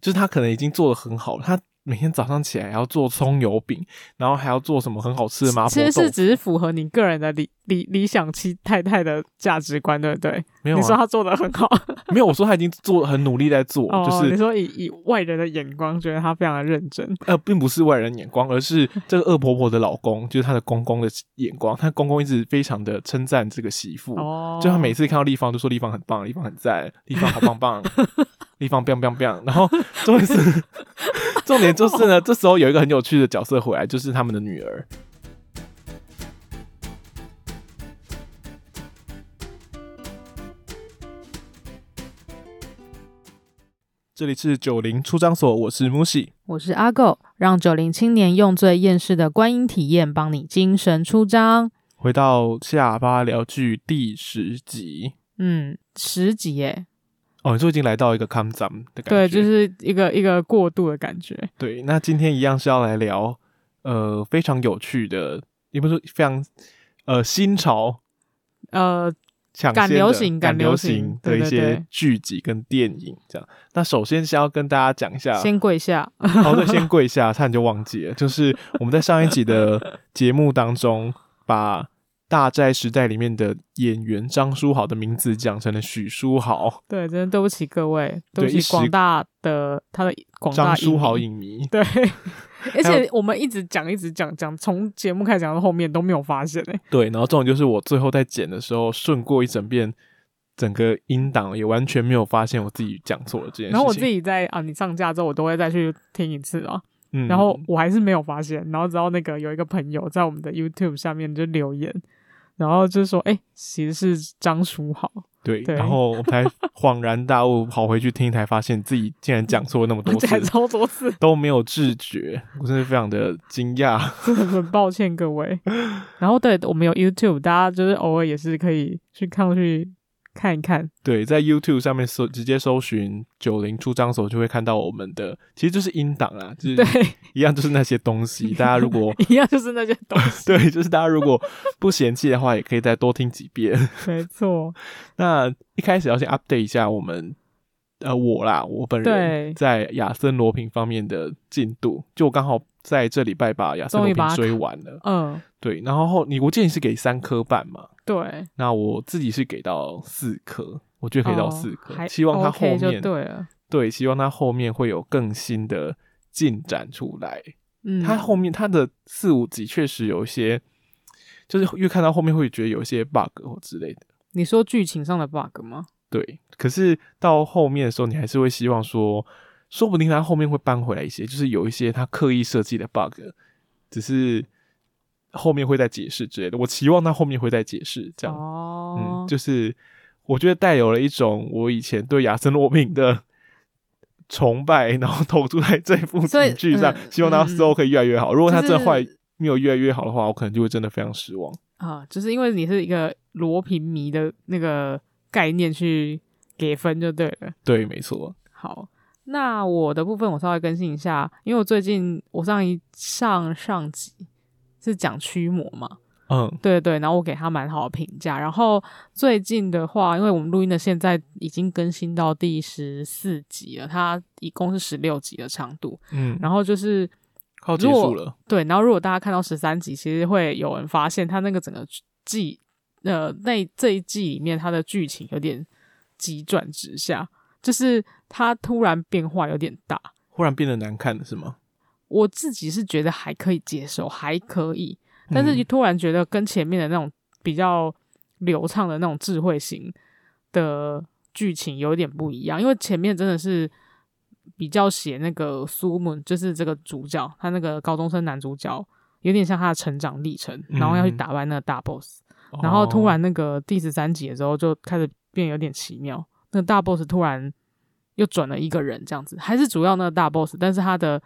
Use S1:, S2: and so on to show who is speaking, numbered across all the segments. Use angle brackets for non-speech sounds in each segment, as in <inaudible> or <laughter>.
S1: 就是他可能已經做的很好了，他每天早上起來還要做蔥油餅，然後還要做什麼很好吃的麻婆豆腐。其實是只
S2: 是符合你個人的理理理想妻太太的價值觀，對不對？沒有、啊，你說他做的很好，
S1: 沒有，我說他已經做得很努力在做， <laughs> 就是、哦、你說
S2: 以以外人的眼光覺得他非常的認真，
S1: 呃，並不是外人眼光，而是這個惡婆婆的老公，就是他的公公的眼光，他公公一直非常的稱讚這個媳婦，哦、就他每次看到立方都說立方很棒，立方很讚，立方好棒棒。 <laughs> 地方 b a n 然後重點是，重點就是呢，這時候有一個很有趣的角色回來，就是他們的女兒。 <laughs> <laughs> 這， <laughs> 這裡是九零出張所，我是木喜，
S2: 我是阿狗，讓九零青年用最厭世的觀影體驗幫你精神出張。
S1: 回到下巴聊劇第十集， <laughs>
S2: 嗯，十集，耶。
S1: 哦，你說已經來到一個 come sum 的感覺，對，就是
S2: 一個一個過渡的感覺。
S1: 對，那今天一樣是要來聊，呃，非常有趣的，也不是說非常，呃，新潮，呃，搶趕流行、趕流行的一些劇集跟電影，這樣對對對。那首先是要跟大家講一下，先
S2: 跪下，好、哦、對，先
S1: 跪下，差點就忘記了， <laughs> 就是我們在上一集的節目當中把。《大債時代》裡面的演員張書豪的名字講成了許書豪，
S2: 對，真的對不起各位，對不起廣大的他
S1: 的廣大影迷，張書豪影迷，對，
S2: 而且我們一直講，一直講，講從節目開始講到後面都沒有發現誒、欸。
S1: 對，然後這種就是我最後在剪的時候順過一整遍整個音檔，也完全沒有發現我自己講錯了這件事情。然後我自己
S2: 在啊，你上架之後，我都會再去聽一次啊，嗯，然後我還是沒有發現，然後直到那個有一個朋友在我們的 YouTube 下面就留言。然後就說：“哎、欸，其實是張書豪。
S1: 對”對，然後我才恍然大悟， <laughs> 跑回去聽，才發現自己竟然講錯了那麼多次，講 <laughs> 錯超多次 <laughs> 都沒有自覺，我真的非常的驚訝，
S2: <laughs> 真的很抱歉各位。 <laughs> 然後對，我們有 YouTube，大家就是偶爾也是可以去看去。看一看，
S1: 對，在 YouTube 上面搜直接搜尋九零出張所就會看到我們的，其實就是音檔啦，就是一樣就是那些東西。大家如果 <laughs> 一樣就是那些東西， <laughs> 對，就是大家如果不嫌棄的話，也可以再多聽幾遍。沒錯， <laughs> 那一開始要先 update 一下我們，呃，我啦，我本人在亞森羅蘋方面的進度，就我剛好。在這禮拜把 Byplayers 追完了，嗯，對。然後後，你，我建議是給三顆半嘛，對。那我自己是給到四顆，我覺得給到四顆、哦，希望它後面、OK、對啊，對，希望它後面會有更新的進展出來。嗯，它後面它的四五集確實有一些，就是越看到後面會覺得有一些 bug 或之類的。你說劇
S2: 情上的 bug 嗎？
S1: 對。可是到後面的時候，你還是會希望說。說不定他後面會扳回來一些，就是有一些他刻意設計的 bug，只是後面會再解釋之類的。我期望他後面會再解釋，這樣，哦、嗯，就是我覺得帶有了一種我以前對亞森羅平的崇拜，然後投注在這部喜劇上、嗯，希望他之後可以越來越好。嗯、如果他真的壞、就是、沒有越來越好的話，我可能就會真的非常失望。
S2: 啊，就是因為你是一個羅平迷的那個概念去給分就對了。對，沒錯。好。那我的部分我稍微更新一下，因為我最近我上一上上集是講驅魔嘛，嗯，對對，然後我給他蠻好的評價。然後最近的話，因為我們錄音的現在已經更新到第十四集了，它一共是十六集的長度，嗯，然後就是靠結束了，對。然後如果大家看到十三集，其實會有人發現他那個整個季，呃，那這一季裡面他的劇情有點急轉直下。就是他突然變化有點大，
S1: 忽然變得難看了，是嗎？
S2: 我自己是覺得還可以接受，還可以，但是就突然覺得跟前面的那種比較流暢的那種智慧型的劇情有點不一樣，因為前面真的是比較寫那個蘇木，就是這個主角，他那個高中生男主角，有點像他的成長歷程，然後要去打敗那個大 boss，、嗯、然後突然那個第十三集的時候就開始變有點奇妙。那大 boss 突然又轉了一個人，這樣子還是主要那個大 boss，但是他的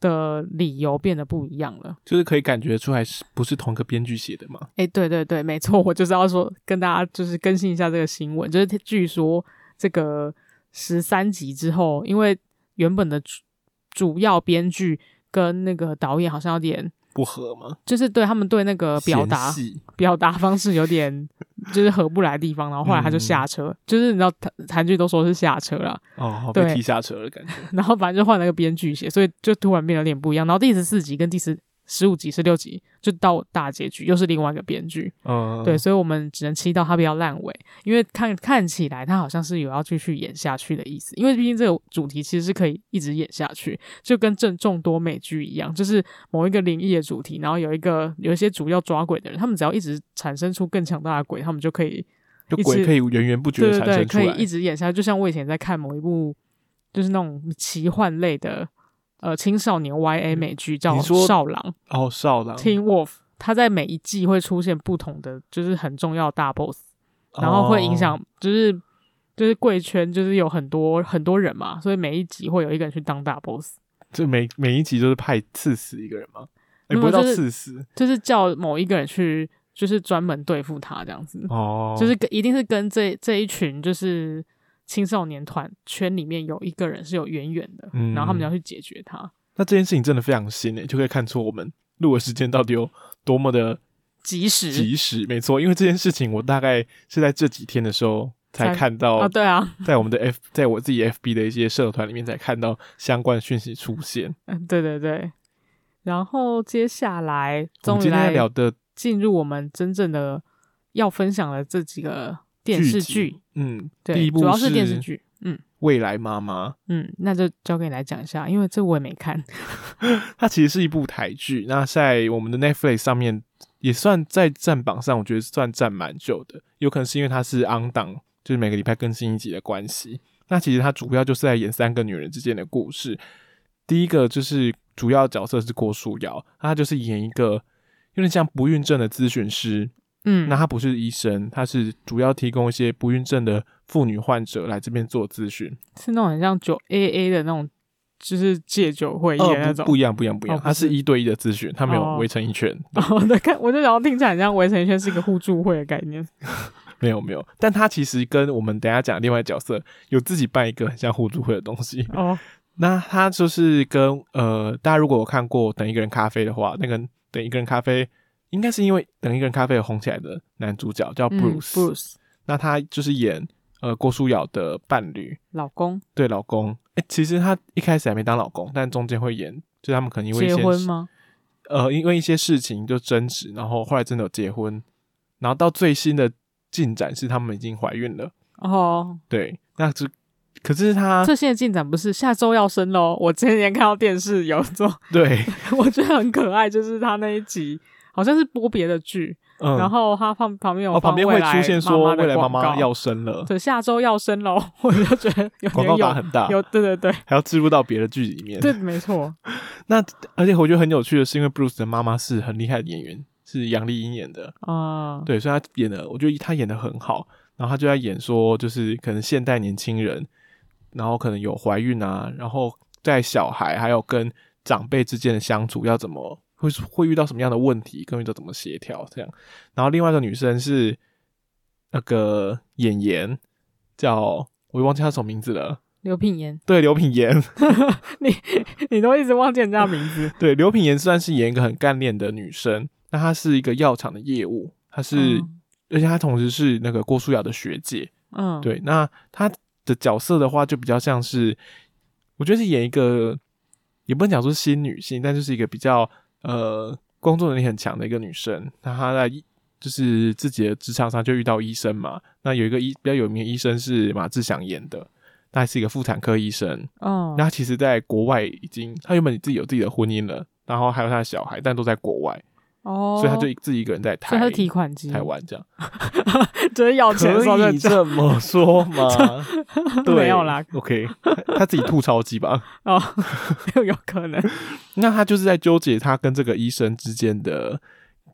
S2: 的理由變得不一樣了，
S1: 就是可以感覺出來是不是同一個編劇寫的嘛？哎、
S2: 欸，對對對，沒錯，我就是要說跟大家就是更新一下這個新聞，就是據說這個十三集之後，因為原本的主主要編劇跟那個導演好像有點。
S1: 不合嗎？
S2: 就是對他們對那個表達表達方式有點就是合不來的地方，然後後來他就下車，嗯、就是你知道韓韓劇都說是下車了哦，對，踢下車的感覺，然後反正就換了一個編劇寫，所以就突然變得有點不一樣。然後第十四集跟第十十五集、十六集就到大結局，又是另外一個編劇，嗯，對，所以我們只能期待它不要爛尾，因為看看起來它好像是有要繼續演下去的意思，因為畢竟這個主題其實是可以一直演下去，就跟正眾多美劇一樣，就是某一個靈異的主題，然後有一個有一些主要抓鬼的人，他們只要一直產生出更強大的鬼，他們就可以就鬼可以源源不絕的產生出來，對，對，對，可以一直演下去，就像我以前在看某一部就是那種奇幻類的。呃，青少年 Y A 美劇叫《少狼，哦、嗯，《Wolf, oh, 少狼 Teen Wolf》，他在每一季會出現不同的，就是很重要大 boss，、oh. 然後會影響，就是就是貴圈，就是有很多很多人嘛，所以每一集會有一個人去當
S1: 大 boss。就每每一集都是派刺死一個人嗎？誒、就是欸、不是刺死，
S2: 就是叫某一個人去，就是專門對付他這樣子。哦、oh.，就是跟一定是跟這這一群就是。青少年團圈裡面有一個人是有遠遠的、嗯，然後他們要去解決他。
S1: 那這件事情真的非常新誒、欸，就可以看出我們錄的時間到底有多麼的及時。及時，沒錯，因為這件事情我大概是在這幾天的時候才看到啊。對啊，在我們的 F，在我自己 FB 的一些社團裡面才看到相關訊息出現。嗯
S2: <laughs> 對對對。然後接下來，終於今天的進入我們真正的要分享的這幾個。劇電視劇，嗯，對，第一部是
S1: 未來媽媽，主要是電視
S2: 劇，嗯，未來媽媽，嗯，那就交給你來講一下，因為這我也沒看。
S1: <laughs> 它其實是一部台劇，那在我們的 Netflix 上面也算在站榜上，我覺得算站蠻久的。有可能是因為它是昂檔，就是每個禮拜更新一集的關係。那其實它主要就是在演三個女人之間的故事。第一個就是主要角色是郭書瑤，她就是演一個有點像不孕症的諮詢師。嗯，那他不是醫生，他是主要提供一些不孕症的婦女患者來這邊做諮詢，
S2: 是那種很像酒 AA 的那種，就是戒酒會那種。哦不，不一樣，不一樣，不一樣。哦，是他是
S1: 一對一的諮詢，他沒有圍成一圈。
S2: 哦，對 <laughs> 哦，那看，我就然後聽起來很像圍成一圈是一個互助會的概念。
S1: <laughs> 沒有，沒有，但他其實跟我們等下講另外一角色有自己辦一個很像互助會的東西。哦，那他就是跟呃，大家如果有看過等一個人咖啡的話《那等一個人咖啡》的話，那個《等一個人咖啡》。應該是因為《等一個人咖啡》紅起來的男主角叫 Bruce、嗯 Bruce。那他就是演呃郭書瑤的伴侶、老公，對，老公。哎、欸，其實他一開始還沒當老公，但中間會演，就他們可能因為一些結婚嗎？呃，因為一些事情就爭執，然後後來真的有結婚，然後到最新的進展是他們已經懷孕了。哦，對，那就可是他最
S2: 新的進展不是下周要生嘍？我前幾天看到電視有做，對， <laughs> 我覺得很可愛，就是他那一集。好像是播別的劇、嗯，然後他旁旁邊有、哦、旁邊他旁邊會出現說未來媽媽要生了，對，下周要生咯， <laughs> 我就覺得廣有有告打很大，有
S1: 對對對，還要植入到別的劇裡面，對，沒錯。 <laughs> 那而且我覺得很有趣的是，因為布魯斯的媽媽是很厲害的演員，是楊麗英演的啊、嗯，對，所以她演的我覺得她演的很好。然後她就在演說，就是可能現代年輕人，然後可能有懷孕啊，然後帶小孩，還有跟長輩之間的相處要怎麼。會會遇到什麼樣的問題，跟人家怎麼協調這樣？然後另外一個女生是那個演員，叫我忘記她什麼名字了。
S2: 劉品言，
S1: 對，劉品言， <laughs>
S2: 你你都一直忘記人家的名字。
S1: <laughs> 對，劉品言雖然是演一個很幹練的女生，但她是一個藥廠的業務，她是、嗯、而且她同時是那個郭書瑤的學姐。嗯，對，那她的角色的話就比較像是，我覺得是演一個也不能講說是新女性，但就是一個比較。呃，工作能力很強的一個女生，那她在就是自己的職場上就遇到醫生嘛。那有一個醫比較有名的醫生是馬志祥演的，那還是一個婦產科醫生。嗯、oh.，那她其實，在國外已經，他原本自己有自己的婚姻了，然後還有他的小孩，但都在國外。哦、oh,，所以他就自己一個人在台，算提款機台灣這樣，
S2: 真 <laughs> 咬錢。可以這
S1: 麼說嗎？ <laughs> 對沒有啦 <laughs> ，OK，他自己吐槽機吧。
S2: 哦，有
S1: 可能。那他就是在糾結他跟這個醫生之間的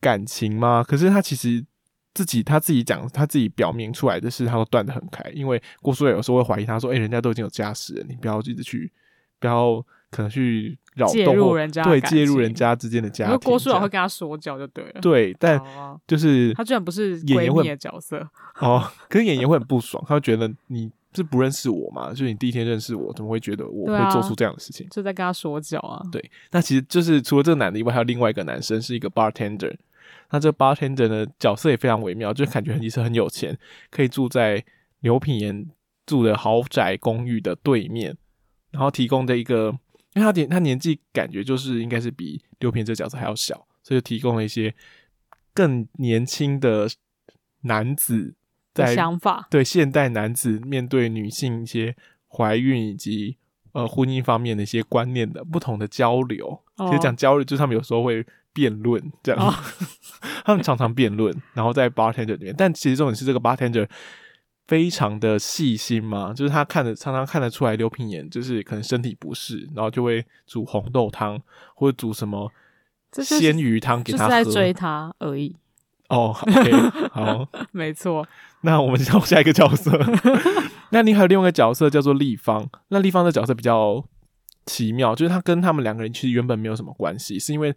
S1: 感情嗎？可是他其實自己，他自己講，他自己表明出來的是，他都斷得很開。因為郭書遠有時候會懷疑他說：“哎、欸，人家都已經有家室了，你不要一直去，不要。”可能去擾動介入人家對介入人家之間的家庭，因為郭書
S2: 瑤會跟他說教就對了。對，但就是、哦啊、他居然不是演員的角色
S1: 演演 <laughs> 哦，可是演員會很不爽，他會覺得你是不認識我嘛？ <laughs> 就是你第一天認識我，怎麼會覺得我會做出這樣的事情？啊、
S2: 就在跟他說教啊。
S1: 對，那其實就是除了這個男的以外，還有另外一個男生是一個 bartender，那這個 bartender 呢，角色也非常微妙，就感覺你是很有錢，可以住在劉品言住的豪宅公寓的對面，然後提供的一個。因為他年他年紀感覺就是應該是比六平這角色還要小，所以就提供了一些更年輕的男子在的想法，對現代男子面對女性一些懷孕以及呃婚姻方面的一些觀念的不同的交流。Oh. 其實講交流，就是、他們有時候會辯論這樣，oh. <laughs> 他們常常辯論， <laughs> 然後在 bartender 裡面，但其實重點是這個 bartender。非常的細心嘛，就是他看得常常看得出來劉品言就是可能身體不適，然後就會煮紅豆湯或者煮什麼鮮魚湯給他喝。就是在追他
S2: 而已。哦，okay, <laughs> 好，沒錯。
S1: 那我們就下一個角色， <laughs> 那你還有另外一個角色叫做立方。那立方的角色比較奇妙，就是他跟他們兩個人其實原本沒有什麼關係，是因為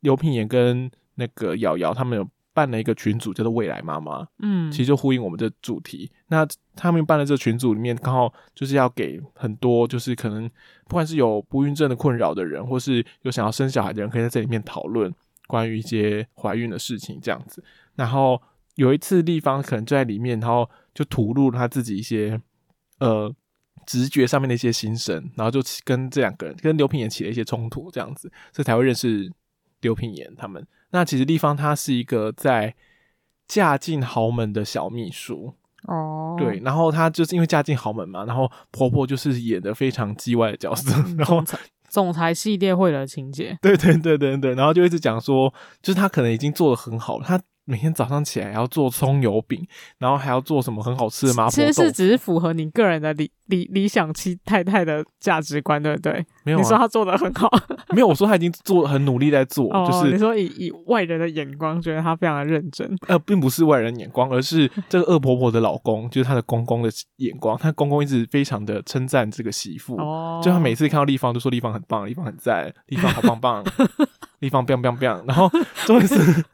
S1: 劉品言跟那個瑤瑤他們有。辦了一個群組，叫做“未來媽媽”，嗯，其實就呼應我們的主題。那他們辦了這個群組裡面，剛好就是要給很多，就是可能不管是有不孕症的困擾的人，或是有想要生小孩的人，可以在這裡面討論關於一些懷孕的事情這樣子。然後有一次，麗芳可能就在裡面，然後就吐露她自己一些呃直覺上面的一些心聲，然後就跟這兩個人，跟劉品言起了一些衝突這樣子，所以才會認識劉品言他們。那其實麗芳她是一個在嫁進豪門的小秘書哦，oh. 對，然後她就是因為嫁進豪門嘛，然後婆婆就是演的非常嘰歪的角色，嗯、然後
S2: 總裁系列會的情節， <laughs>
S1: 對,對,對對對對對，然後就一直講說，就是她可能已經做的很好了，她。每天早上起來還要做蔥油餅，然後還要做什麼很好吃的麻婆豆腐。其實是只
S2: 是符合你個人的理理理想妻太太的價值觀，對不對？
S1: 沒有、啊，你說他做得很好，沒有，我說他已經做得很努力在做， <laughs> 就是、哦、你說
S2: 以以外人的眼光覺得他非常的認真，
S1: 呃，並不是外人眼光，而是這個惡婆婆的老公，就是她的公公的眼光，她公公一直非常的稱讚這個媳婦，哦、就他每次看到立方都說立方很棒，立方很讚，立方好棒棒， <laughs> 立方棒棒棒，然後真的是。 <laughs>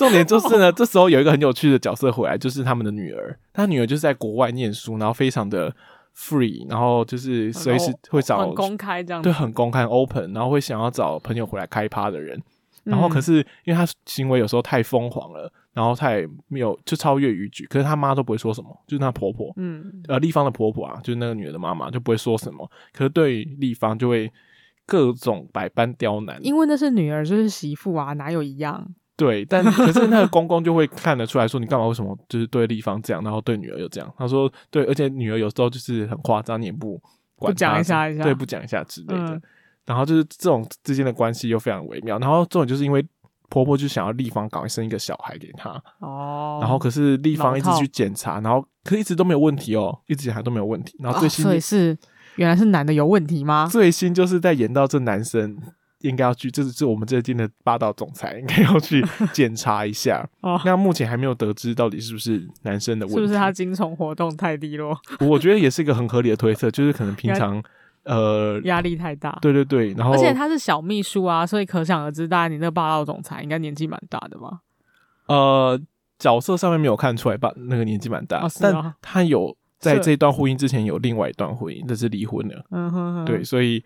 S1: 重點就是呢，這時候有一個很有趣的角色回來， <laughs> 就是他們的女兒。她女兒就是在國外唸書，然後非常的 free，然後就是隨時會找很公
S2: 開這樣對，很
S1: 公開 open，然後會想要找朋友回來開趴的人。嗯、然後可是因為她行為有時候太瘋狂了，然後太沒有就超越語句，可是她媽都不會說什麼，就是她婆婆，嗯，呃，立方的婆婆啊，就是那個女兒的媽媽就不會說什麼，可是對立方就會各種百般刁難，
S2: 因為那是女兒，就是媳婦啊，哪有一樣？
S1: 對，但可是那個公公就會看得出來說，你幹嘛？為什麼就是對立方這樣，然後對女兒又這樣？他說對，而且女兒有時候就是很誇張，你也不講一,一下，對不講一下之類的、嗯。然後就是這種之間的關係又非常微妙。然後這種就是因為婆婆就想要立方搞一生一個小孩給他、哦、
S2: 然後可
S1: 是立方一直去檢查，然後可是一直都沒有問題哦，一直檢查都沒有問題。然後最新、啊、所以是原來是男的有問題嗎？最新就是在演到這男生。應該要去，這是是我們這間的霸道總裁應該要去檢查一下、 <laughs> 哦。那目前還沒有得知到底是不是男生的問題，是不是
S2: 他精蟲活動太低落？
S1: <laughs> 我覺得也是一個很合理的推測，就是可能平常呃
S2: 壓力太大。
S1: 對對對，然後而且他
S2: 是小秘書啊，所以可想而知，大概你那霸道總裁應該年紀蠻大
S1: 的吧？呃，角色上面沒有看出來吧，那個年紀蠻大，哦，是但他有，在這一段婚姻之前，有另外一段婚姻，是這是離婚了。嗯哼，哼哼。對，所以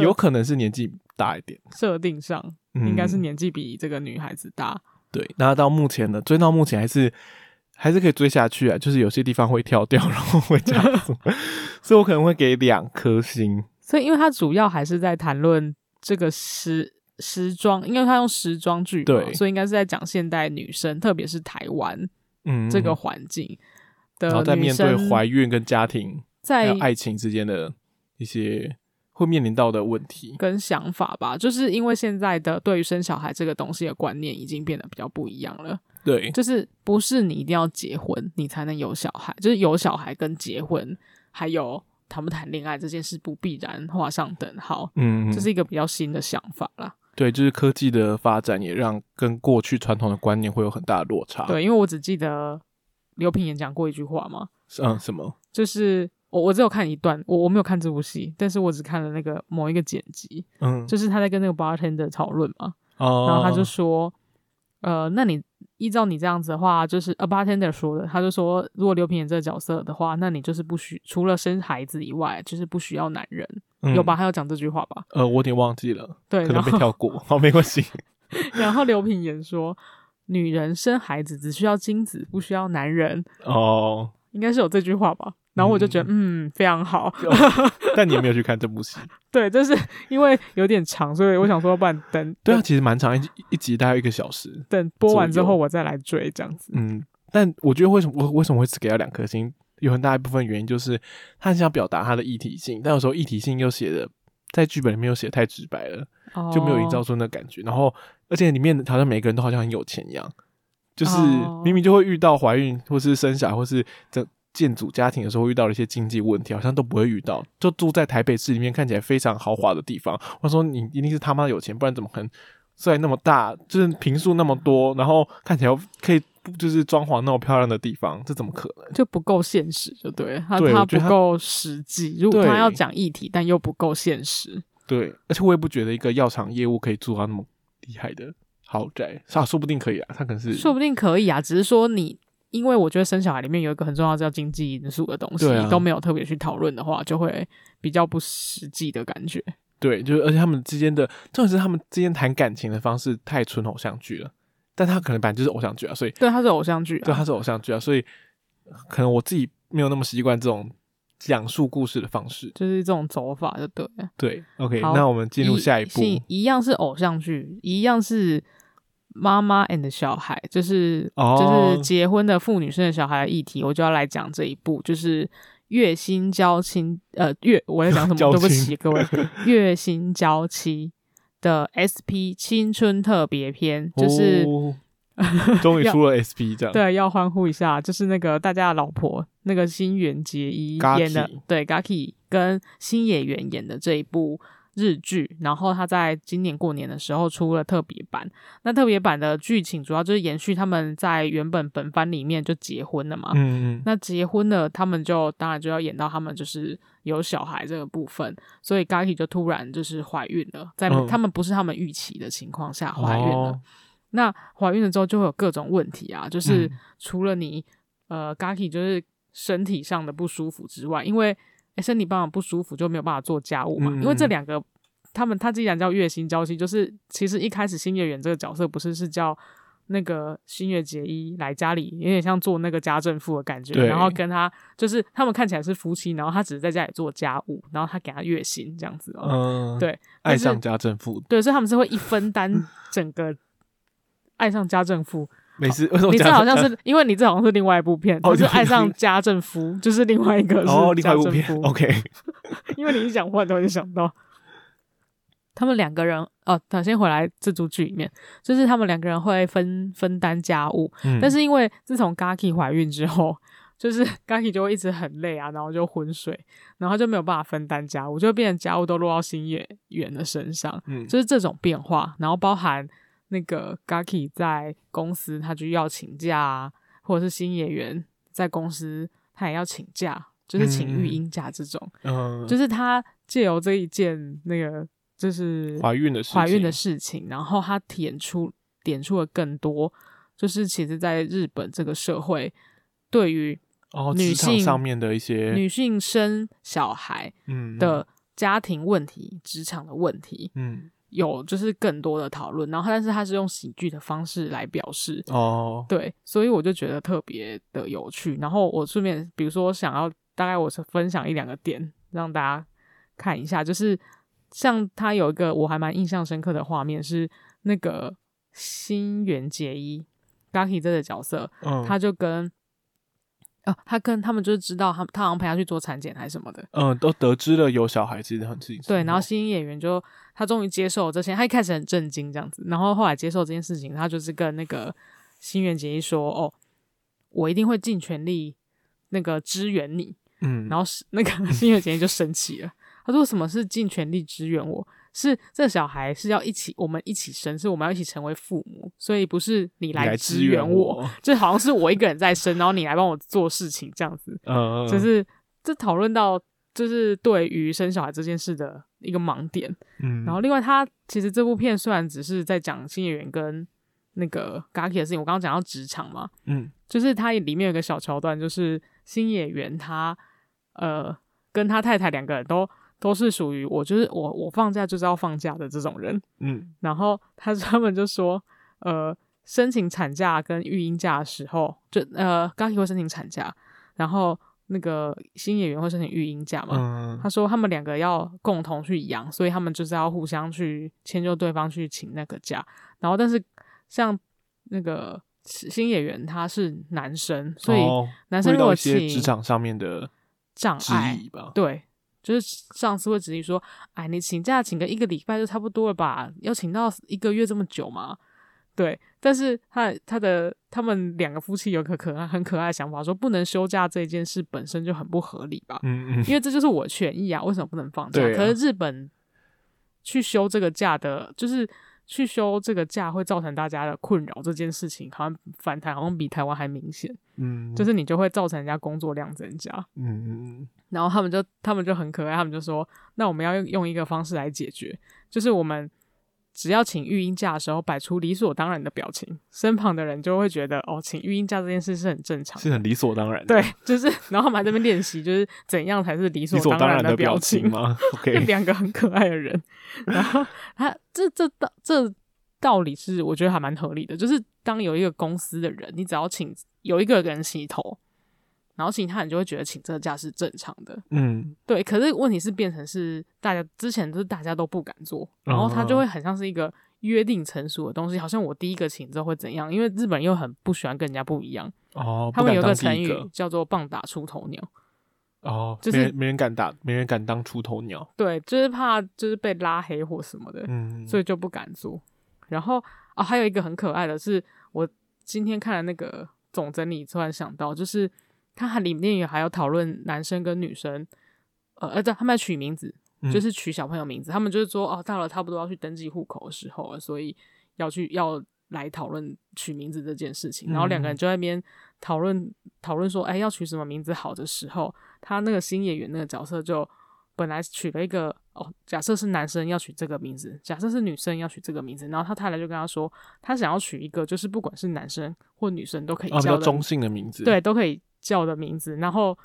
S1: 有可能是年紀大一點，
S2: 設定上應該是年紀比這個女孩子大。嗯、
S1: 對，那到目前呢？追到目前還是還是可以追下去啊，就是有些地方會跳掉，然後會這樣 <laughs> <laughs> 所以我可能會給兩顆星。
S2: 所以，因為它主要還是在談論這個時時裝，因為它用時裝劇，對，所以應該是在講現代女生，特別是台灣，嗯，這個環境。然後在面對懷
S1: 孕跟家庭，在愛情之間的一些會面臨到的問題
S2: 跟想法吧，就是因為現在的對於生小孩這個東西的觀念已經變得比較不一樣了。對，就是不是你一定要結婚你才能有小孩，就是有小孩跟結婚還有談不談戀愛這件事不必然畫上等號。嗯，這是一個比較新的想法啦。
S1: 對，就是科技的發展也讓跟過去傳統的觀念會有很大的落差。對，
S2: 因為我只記得。劉品言講過一句話嗎？嗯，什麼？就是我我只有看一段，我我沒有看這部戲，但是我只看了那個某一個剪輯，嗯，就是他在跟那個 bartender 討論嘛，哦，然後他就說，呃，那你依照你這樣子的話，就是、A、bartender 說的，他就說，如果劉品言這個角色的話，那你就是不需除了生孩子以外，就是不需要男人，嗯、有吧？他有講這句話
S1: 吧？嗯、呃，我有點忘記了，對，可能被跳過， <laughs> 好，沒關係。
S2: 然後劉品言說。女人生孩子只需要精子，不需要男人
S1: 哦，
S2: 應該是有這句話吧。然後我就覺得，嗯，嗯，非常好。
S1: <laughs> 但你也沒有去看這部戲？ <laughs> 對，就是因
S2: 為有點長，所以我想說，不然
S1: 等。對啊，其實蠻長一，一一集大概一個小時。
S2: 等播完之後，我
S1: 再來追這樣子。嗯，但我覺得為什麼我為什麼會只給他兩顆星？有很大一部分原因就是他很想表達他的議題性，但有時候議題性又寫的。在劇本裡面又寫得太直白了，就沒有營造出那感覺。Oh. 然後，而且裡面好像每個人都好像很有錢一樣，就是明明就會遇到懷孕或是生小孩或是這建組家庭的時候遇到了一些經濟問題，好像都不會遇到。就住在台北市裡面看起來非常豪華的地方，或者說你一定是他媽有錢，不然怎麼可能？雖然那麼大，就是平數那麼多，然後看起來可以。不就是裝潢那麼漂亮的地方，這怎麼可
S2: 能？就不夠現實，就對，他他不夠實際。如果他要講議題，但又不夠現實，
S1: 對。而且我也不覺得一個藥廠業務可以做到那麼厲害的豪宅，啊，說不定可以啊，他可能是。說
S2: 不定可以啊，只是說你，因為我覺得生小孩裡面有一個很重要叫經濟因素的東西，啊、都沒有特別去討論的話，就會比較不實際的感覺。
S1: 對，就是而且他們之間的，重點是他們之間談感情的方式太純偶像劇了。但他可能本來就是偶像劇啊，所以對，他是偶像劇，對，他是偶像劇啊，啊，所以可能我自己沒有那麼習慣這種講述故事的方式，就
S2: 是這種走法，就對了，對
S1: ，OK，那我們進入下一部，
S2: 一樣是偶像劇，一樣是媽媽 and 小孩，就是、哦、就是結婚的婦女生的小孩的議題，我就要來講這一部，就是月薪嬌親。呃，月我在講什麼？ <laughs> 對不起各位，月薪嬌妻。的 SP 青春特別篇，就是
S1: 終於、哦、出了 SP <laughs> 這樣，對，
S2: 要歡呼一下，就是那個大家的老婆，那個新垣結衣演的，Gaki 對，Gaki 跟星野源演的這一部。日劇，然後他在今年過年的時候出了特別版。那特別版的劇情主要就是延續他們在原本本番裡面就結婚了嘛。嗯嗯。那結婚了，他們就當然就要演到他們就是有小孩這個部分。所以 Gaki 就突然就是懷孕了，在、嗯、他們不是他們預期的情況下懷孕了。哦。那懷孕了之後就會有各種問題啊，就是除了你、嗯、呃 Gaki 就是身體上的不舒服之外，因為。誒、欸，身體不好不舒服就沒有辦法做家務嘛。嗯、因為這兩個，他們他既然叫月薪嬌妻，就是其實一開始新月圓這個角色不是是叫那個新垣結衣來家裡，也有點像做那個家政婦的感覺。然後跟他就是他們看起來是夫妻，然後他只是在家裡做家務，然後他給他月薪這樣子。哦、嗯，對，愛上家政婦。對，所以他們是會一分擔整個愛上家政婦。 <laughs> 沒事，你這好像是，因為你這好像是另外一部片，就是愛上家政夫，哦、就是另外一個哦，家政夫。O、哦、K，因為你一想換，他就想到 <laughs> 他們兩個人哦。他先回來這組劇裡面，就是他們兩個人會分分擔家務，嗯，但是因為自從 Gakki 懷孕之後，就是 Gakki 就會一直很累啊，然後就昏睡，然後他就沒有辦法分擔家務，就會變成家務都落到星野源的身上，嗯，就是這種變化，然後包含。那個 Gaki 在公司，他就要請假，或者是新演員在公司，他也要請假，就是請育嬰假這種。嗯嗯、就是他藉由這一件那個，就是懷孕的懷孕的事情，然後他點出點出了更多，就是其實在日本這個社會對於女性、哦、上面的一些女性生小孩的家庭問題、職場的問題嗯。嗯有就是更多的討論，然後但是他是用喜劇的方式來表
S1: 示，哦，oh.
S2: 對，所以我就覺得特別的有趣。然後我順便，比如說想要大概我是分享一兩個點讓大家看一下，就是像他有一個我還蠻印象深刻的畫面是那個新垣結衣剛毅這個角色，oh. 他就跟。哦、他跟他們就是知道他，他好像陪他去做產檢還是什麼的，
S1: 嗯，都得知了有小孩，其實很震
S2: 驚。對，然後新演員就他終於接受了這些，他一開始很震驚這樣子，然後後來接受這件事情，他就是跟那個新垣姐姐說：“哦，我一定會盡全力那個支援你。”嗯，然後是那個新垣姐姐就生氣了， <laughs> 他說：“什麼是盡全力支援我？”是這小孩是要一起，我們一起生，是我們要一起成為父母，所以不是你來支援我，援我就好像是我一個人在生， <laughs> 然後你來幫我做事情這樣子。嗯，嗯，
S1: 嗯，就是
S2: 這討論到就是對於生小孩這件事的一個盲點。嗯，然後另外他其實這部片雖然只是在講星野源跟那個 Gaki 的事情，我剛剛講到職場嘛，嗯，就是他裡面有一個小橋段，就是星野源他呃跟他太太兩個人都。都是屬於我，就是我，我放假就是要放假的這種人，嗯。然後他他們就說，呃，申請產假跟育嬰假的時候，就呃剛才會申請產假，然後那個新演員會申請育嬰假嘛，嗯。他說他們兩個要共同去養，所以他們就是要互相去遷就對方去請那個假。然後但是像那個新演員他是男生，哦，所以男生會有一些職場
S1: 上面的障礙吧？對。
S2: 就是上司會直接說：“哎，你請假請個一個禮拜就差不多了吧？要請到一個月這麼久嗎？”對，但是他他的他們兩個夫妻有個可愛很可愛的想法，說不能休假這件事本身就很不合理吧？嗯嗯，因為這就是我的權益啊，為什麼不能放假？啊、可是日本去休這個假的，就是。去休這個假會造成大家的困擾，這件事情好像反彈好像比台灣還明顯。嗯，就是你就會造成人家工作量增加。嗯，然後他們就他們就很可愛，他們就說：“那我們要用用一個方式來解決，就是我們。”只要請育嬰假的時候，擺出理所當然的表情，身旁的人就會覺得哦，請育嬰假這件事是很正常，是很理所當然的。對，就是，然後我們還在這邊練習，就是怎樣才是理所當然的表情，理所當然的表情嗎？兩、okay. <laughs> 個很可愛的人，然後他、啊、這這道這，這道理是我覺得還蠻合理的，就是當有一個公司的人，你只要請有一個人洗頭。然後其他人就會覺得請這個假是正常的，嗯，對。可是問題是變成是大家之前就是大家都不敢做，然後他就會很像是一個約定成熟的東西，嗯，好像我第一個請之後會怎樣？因為日本人又很不喜歡跟人家不一樣哦。他們有個成語叫做“棒打出頭鳥”，
S1: 哦，就是沒人，沒人敢打，沒人敢當出頭鳥。
S2: 對，就是怕就是被拉黑或什麼的，嗯，所以就不敢做。然後啊，哦，還有一個很可愛的是，是我今天看了那個總整理，突然想到就是。他裡面也還有討論男生跟女生，呃，呃，對，他們在取名字，就是取小朋友名字、嗯。他們就是說，哦，到了差不多要去登記戶口的時候了，所以要去要來討論取名字這件事情。然後兩個人就在那邊討論討論說，哎、欸，要取什麼名字好的時候，他那個新演員那個角色就本來取了一個哦，假設是男生要取這個名字，假設是女生要取這個名字。然後他太太就跟他說，他想要取一個，就是不管是男生或女生都可以叫的、啊、比較中性的名字，對，都可以叫的名字，然後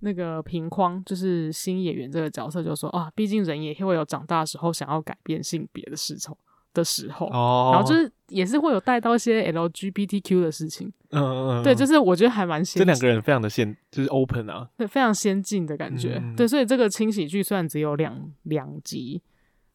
S2: 那個平匡就是新演員這個角色就說啊，畢竟人也會有長大的時候想要改變性別的時候的時候、
S1: 哦，然後就
S2: 是也是會有帶到一些 LGBTQ 的事情，嗯嗯嗯，對，就是我覺得還蠻新這兩個
S1: 人非常的先，就是 open 啊，
S2: 對，非常先進的感覺，嗯、對，所以這個輕喜劇雖然只有兩兩集，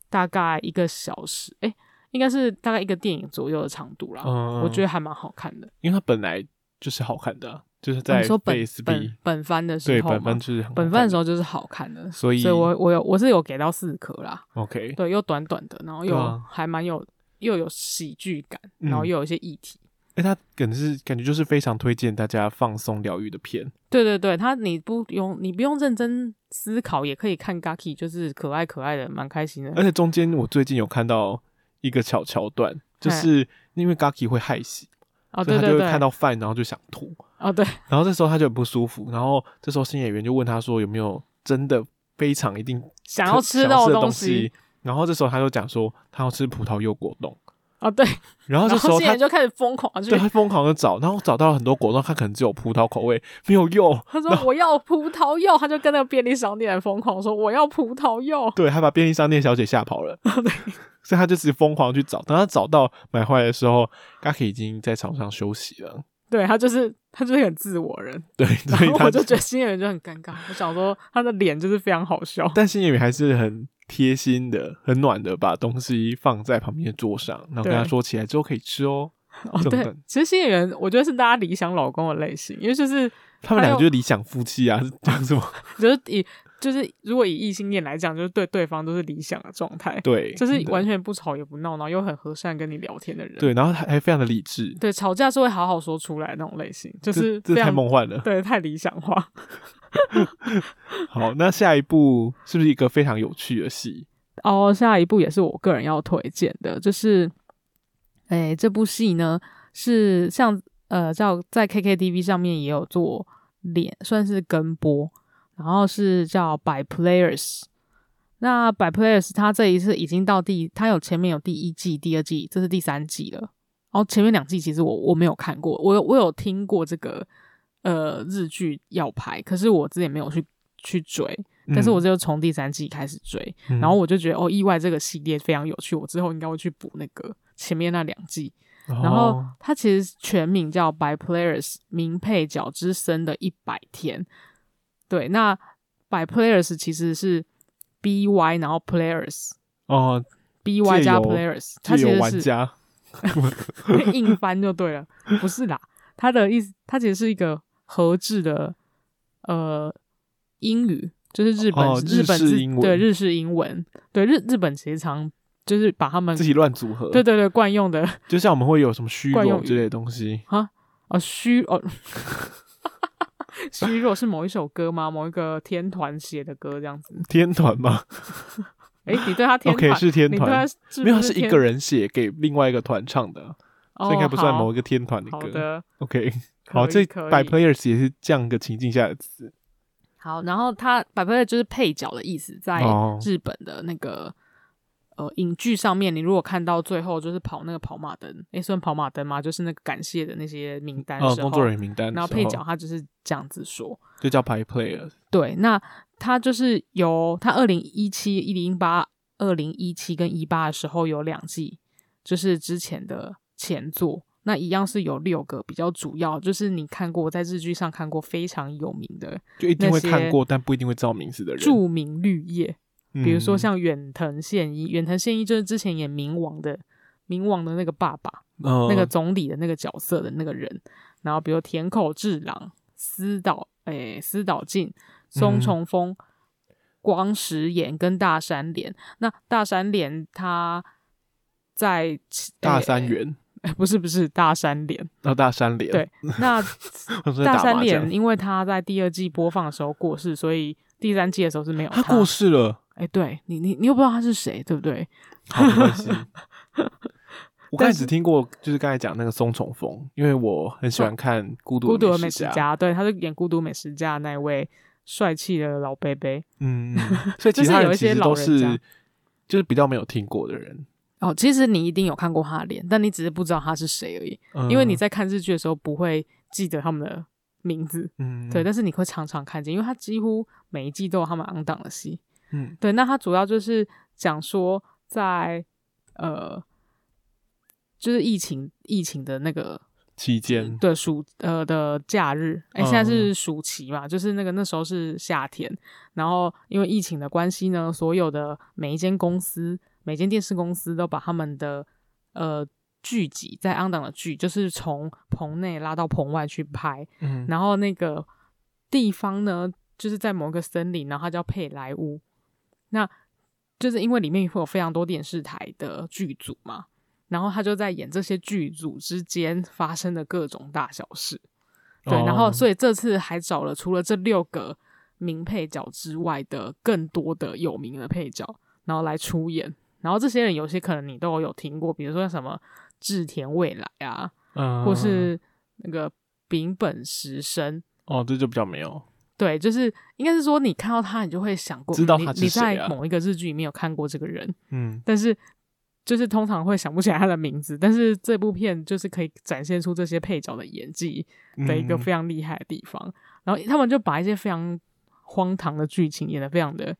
S2: 大概一個小時，誒，應該是大概一個電影左右的長度啦，嗯、我覺得還蠻好看的，
S1: 因為它本來就是好看的、啊。就是在、啊、本本本番的時候，本番就是本
S2: 番的時候就是好看的，所以所以我我有我是有給到四顆啦。OK，對，又短短的，然後又、啊、還蠻有又有喜劇感，然後又有一些議題。
S1: 誒、嗯，他可能是感覺就是非常推薦大家放鬆療癒的片。
S2: 對對對，他你不用你不用認真思考也可以看 Gaki，就是可愛可愛的，蠻開心的。而且中
S1: 間我最近有看到一個小橋段，就是因為 Gaki 會害喜，啊、欸，對所以他就會看到飯然後就想吐。啊對對對對啊、oh，對。然後這時候他就很不舒服，然後這時候新演員就問他說：“有沒有真的非常一定想要吃到的東西？”然後這時候他就講說：“他要吃葡萄柚果凍。”
S2: 啊，對。然後這時候他就開始瘋狂，對，他
S1: 瘋狂的找，然後找到了很多果凍，他可能只有葡萄口味，沒有柚。他說：“
S2: 我要葡萄柚。”他就跟那個便利商店瘋狂說：“我要葡萄柚。 <laughs> ”
S1: 對，他把便利商店小姐嚇跑了。Oh, 對。所以他就自己瘋狂去找，等他找到買回來的時候，Gakki 已經在場上休息了。
S2: 對，他就是，他就是很自我人，對，所以他然後我就覺得新演員就很尷尬。 <laughs> 我想說他的臉就是非常好笑，
S1: 但新演員還是很貼心的、很暖的，把東西放在旁邊的桌上，然後跟他說起來之後可以吃喔。哦，對， <laughs> 其
S2: 實新演員我覺得是大家理想老公的類型，因為就是他們兩個就
S1: 是理想夫妻啊，講什麼？
S2: 就是以。 <laughs> 就是如果以異性戀來講，就是對對方都是理想的狀態，對，就是完全不吵也不鬧,鬧，然後又很和善跟你聊天的人，對，對然後還還非常的理智，對，吵架是會好好說出來那種類型，就是這,這太夢幻了，對，太理想化。
S1: <laughs> <laughs> 好，那下一部是不是一個非常有趣的戲？
S2: 哦，下一部也是我個人要推薦的，就是，誒這部戲呢是像呃叫在 K K T V 上面也有做臉，算是跟播。然後是叫《By Players》，那《By Players》它這一次已經到第，它有前面有第一季、第二季，這是第三季了。然、哦、後前面兩季其實我我沒有看過，我我有聽過這個呃日劇要拍，可是我之前沒有去去追，但是我就從第三季開始追，嗯、然後我就覺得哦，意外這個系列非常有趣，我之後應該會去補那個前面那兩季。哦、然後它其實全名叫《By Players》，名配角之森的一百天。對，那 by players 其實是 by 然後 players
S1: 哦、uh, by 加 players，它其實是玩家 <laughs> <laughs> 硬
S2: 翻就對了，不是啦，它的意思它其實是一個和製的呃英語，就是日本、oh, 日本英文對日式英文，對日日本其實常就是把他們自己亂組合，對對對慣用的，
S1: 就像我們會有什麼虛構之類的東西
S2: 啊啊虛哦。 <laughs> 虛 <laughs> 弱是某一首歌嗎？某一個天團寫的歌這樣子？天團嗎？哎、 <laughs> 欸，你對他天團、okay, 是天團，沒有，他是一個
S1: 人寫給另外一個團唱的，哦、所以應該不算某一個天團的歌。o、okay. k 好，這《Byplayers》也是這樣一個情境下的詞。
S2: 好，然後他《Byplayers》就是配角的意思，在日本的那個。哦呃，影劇上面，你如果看到最後就是跑那個跑馬燈，誒、欸，算跑馬燈嘛？就是那個感謝的那些名單、呃，工作人員名單，然後配角他就是這樣子說，
S1: 就叫 Byplayers。
S2: 對，那他就是有他二零一七、二零一八、二零一七跟一八的時候有兩季，就是之前的前作，那一樣是有六個比較主要，就是你看過在日劇上看過非常有名的名，就一定會看過，但
S1: 不一定會知道名字的人，著
S2: 名綠葉。比如說像遠藤憲一，遠藤憲一就是之前演民王的，民王的那個爸爸，呃，那個總理的那個角色的那個人。然後比如田口智朗、寺島，誒，寺島進、松重豐，嗯，光石研跟大杉漣，那大杉漣他在，欸、大三元，欸、不是不是大杉漣，嗯、哦，大杉漣對，那 <laughs> 大杉漣因為他在第二季播放的時候過世，所以第三季的時候是沒有他，他過世了。哎、欸，對你，你你又不知道他是誰，對不對？哦、不
S1: 好 <laughs> 我剛才只聽過，就是剛才講那個松重豐，因為我很喜歡看孤獨的美食家《孤獨的美食家
S2: 對他就演孤獨美食家》，對，他是演《孤獨美食家》那位帥氣的老伯伯。嗯，所以其，其實有一些都是就
S1: 是比較沒有聽過的人。
S2: 哦，其實你一定有看過他的臉，但你只是不知道他是誰而已，嗯、因為你在看日劇的時候不會記得他們的名字，嗯，對，但是你會常常看見，因為他幾乎每一季都有他們 on 檔的戲。嗯，對，那他主要就是講說在，在呃，就是疫情疫情的那個
S1: 期間，對，
S2: 暑呃的假日，哎、嗯欸，現在是暑期嘛，就是那個那時候是夏天，然後因為疫情的關係呢，所有的每一間公司、每一間電視公司都把他們的呃劇集在 on 檔的劇，就是從棚內拉到棚外去拍，嗯，然後那個地方呢，就是在某個森林，然後它叫佩萊塢。那就是因為裡面會有非常多電視台的劇組嘛，然後他就在演這些劇組之間發生的各種大小事，哦，對，然後所以這次還找了除了這六個名配角之外的更多的有名的配角，然後來出演，然後這些人有些可能你都有聽過，比如說什麼志田未來啊，嗯，或是那個柄本時生，
S1: 哦，這就比較沒有。
S2: 對，就是應該是說，你看到他，你就會想過，知道他、啊、你，你在某一個日劇裡面有看過這個人，嗯，但是就是通常會想不起來他的名字。但是這部片就是可以展現出這些配角的演技的一個非常厲害的地方。嗯、然後他們就把一些非常荒唐的劇情演得非常的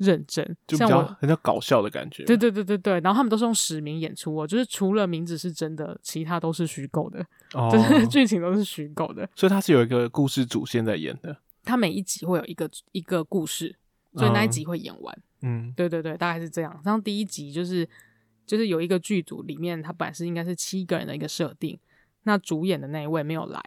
S2: 認真，就比較像我很像搞笑的感覺。對對對對對。然後他們都是用實名演出的，我就是除了名字是真的，其他都是虛構的，哦、就是劇情都是虛構的。
S1: 所以他是有一個故事主線在演的。
S2: 他每一集會有一個一個故事，所以那一集會演完。嗯，嗯，對對對，大概是這樣。像第一集就是就是有一個劇組裡面，他本來是應該是七個人的一個設定，那主演的那一位沒有來，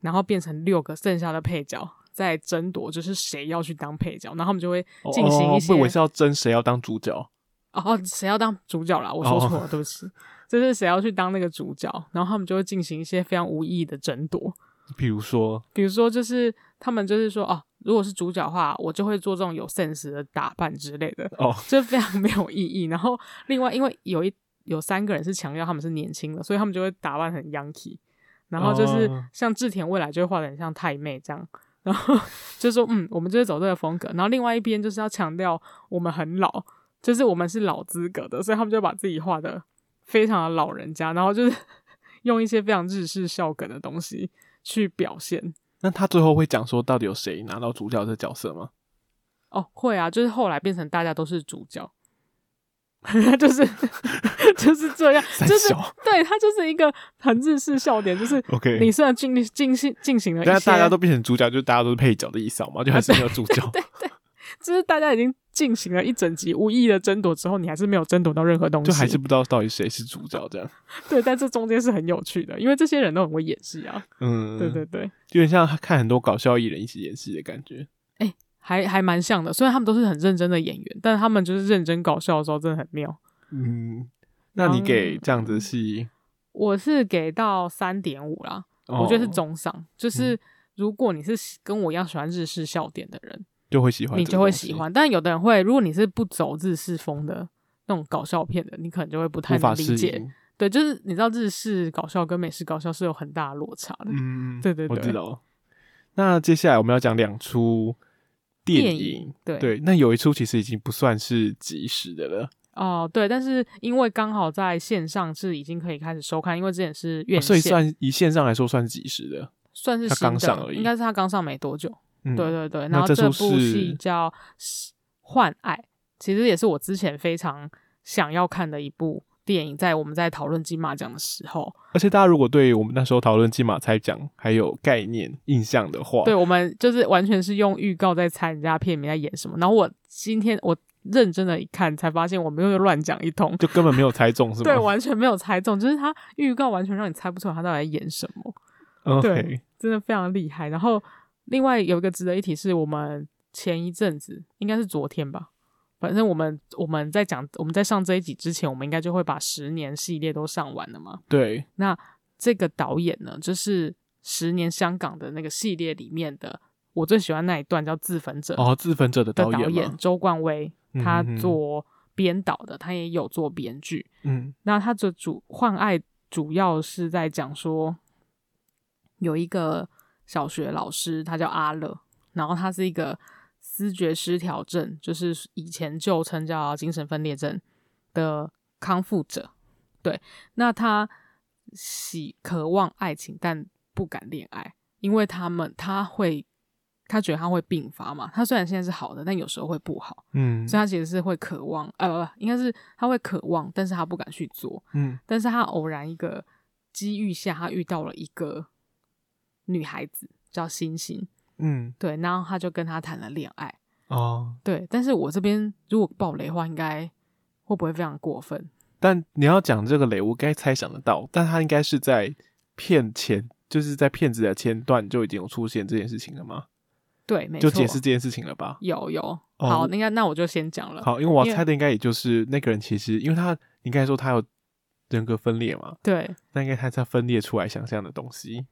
S2: 然後變成六個，剩下的配角在爭奪，就是誰要去當配角，然後他們就會進行一些。哦哦、以為是
S1: 要爭誰要當主角
S2: 哦？誰要當主角啦？我說錯了，哦，對不起。這，就是誰要去當那個主角？然後他們就會進行一些非常無意義的爭奪。
S1: 比如說，
S2: 比如說就是。他們就是說哦，如果是主角的話，我就會做這種有 sense 的打扮之類的，oh. 就非常沒有意義。然後另外，因為有一有三個人是強調他們是年輕的，所以他們就會打扮很洋氣。然後就是像志田未來就會畫的很像太妹這樣。然後就說嗯，我們就是走這個風格。然後另外一邊就是要強調我們很老，就是我們是老資格的，所以他們就把自己畫的非常的老人家。然後就是用一些非常日式笑梗的東西去表現。
S1: 那他最後會講說，到底有誰拿到主角的這角色嗎？
S2: 哦，會啊，就是後來變成大家都是主角， <laughs> 就是 <laughs> 就是這樣，就是對，他就是一個很日式笑點，就是 OK。你雖然盡力進行進行了一，但是大家都
S1: 變成主角，就是、大家都是配角的意思好嗎？就還是沒有主角？對、啊、對。對對對
S2: 就是大家已經進行了一整集無意義的爭奪之後，你還是沒有爭奪
S1: 到任何東西，就還是不知道到底誰是主角這樣。
S2: <laughs> 對，但這中間是很有趣的，因為這些人都很會演戲啊。嗯，對對對，
S1: 有點像看很多搞笑藝人一起演戲的感覺。
S2: 哎、欸，還還蠻像的，雖然他們都是很認真的演員，但他們就是認真搞笑的時候真的很妙。嗯，
S1: 那你給這樣子戲？
S2: 我是給到三點五啦，我覺得是中上、哦。就是如果你是跟我一樣喜歡日式笑點的人。就會喜歡，你就會喜歡。但有的人會，如果你是不走日式風的那種搞笑片的，你可能就會不太能理解。對，就是你知道日式搞笑跟美式搞笑是有很大落差的。嗯，對對、對。我知道。
S1: 那接下來我們要講兩出電影，對、對，那有一出其實已經不算是即時的
S2: 了。哦，對，但是因為剛好在線上是已經可以開始收看，因為之前是院線，啊，所以算
S1: 以線上來說算是即時的。算是剛上而已，應
S2: 該是他剛上沒多久。嗯、對對對，然後這部戲叫《幻愛》，其實也是我之前非常想要看的一部電影。在我們在討論金馬獎的時候，
S1: 而且大家如果對我們那時候討論金馬猜獎還有概念印象的話，對，
S2: 我們就是完全是用預告在猜人家片名在演什麼。然後我今天我認真的一看，才發現我們又亂講一
S1: 通，就根本沒有猜中，是嗎？ <laughs> 對，完
S2: 全沒有猜中，就是他預告完全讓你猜不出來他到底在演什麼。
S1: Okay. 對，
S2: 真的非常厲害。然後。另外有一個值得一提是，我們前一陣子應該是昨天吧，反正我們我們在講我們在上這一集之前，我們應該就會把十年系列都上完了嘛。對。那這個導演呢，就是十年香港的那個系列裡面的我最喜歡那一段叫《自焚者》哦，《自焚者》的導演周冠威，他做編導的、嗯，他也有做編劇。嗯，那他的主，幻愛主要是在講說有一個。小學老師，他叫阿樂，然後他是一個思覺失調症，就是以前舊稱叫精神分裂症的康復者。對，那他喜渴望愛情，但不敢戀愛，因為他們他會，他覺得他會病發嘛。他雖然現在是好的，但有時候會不好。嗯，所以他其實是會渴望，呃應該是他會渴望，但是他不敢去做。嗯，但是他偶然一個機遇下，他遇到了一個。女孩子叫星星，嗯，對，然後他就跟她談了戀愛，
S1: 哦，
S2: 對，但是我這邊如果爆雷的話，應該會不會非常過分？
S1: 但你要講這個雷，我該猜想得到，但他應該是在騙錢，就是在片子的前段就已經有出現這件事情了嗎？對，沒錯，就解釋這件事情了吧？有有、
S2: 哦，好，那應該，那我就先講了，好，因為我猜的
S1: 應該也就是那個人其實，因為他因為你應該說他有人格分裂嘛，對，那應該他在分裂出來想象的東西。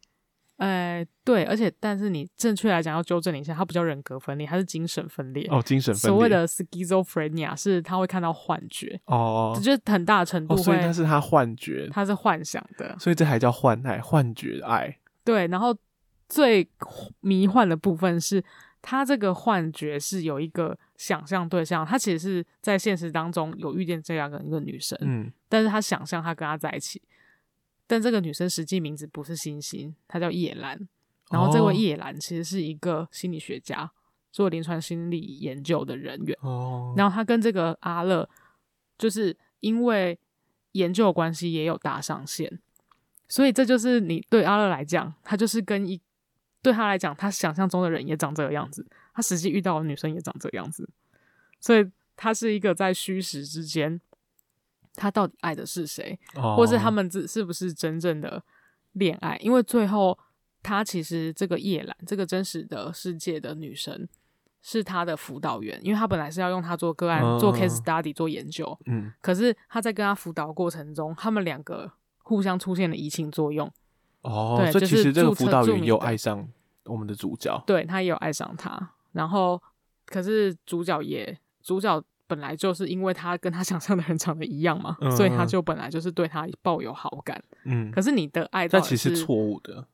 S2: 哎、欸，對，而且，但是你正確來講，要糾正一下，它不叫人格分裂，它是精神分裂哦。精神分裂，所謂的 schizophrenia 是他會看到幻覺哦，
S1: 這就是很大程度會、哦，所以他是他幻覺，他是
S2: 幻想的，
S1: 所以這還叫幻愛，幻覺愛。
S2: 對，然後最迷幻的部分是，他這個幻覺是有一個想象對象，他其實是在現實當中有遇見這樣一個女生，嗯，但是他想象他跟他在一起。但這個女生實際名字不是星星，她叫葉蘭。然後這位葉蘭其實是一個心理學家，oh. 做臨床心理研究的人員。哦、oh.，然後她跟這個阿樂，就是因為研究的關係也有搭上線，所以這就是你對阿樂來講，他就是跟一對他來講，他想象中的人也長這個樣子，他實際遇到的女生也長這個樣子，所以他是一個在虛實之間。他到底愛的是誰，或是他們這是不是真正的戀愛？Oh. 因為最後，他其實這個葉嵐，這個真實的世界的女生，是他的輔導員，因為他本來是要用他做個案、oh. 做 case study 做研究。嗯，可是他在跟他輔導過程中，他們兩個互相出現了移情作用。
S1: 哦、oh.，對，就是這個輔導員又愛上我們的主角，
S2: 對他也有愛上他，然後可是主角也主角。本來就是因為他跟他想象的人長得一樣嘛、嗯，所以他就本來就是對他抱有好感。嗯，可是你的愛到底是，但其實是錯誤的。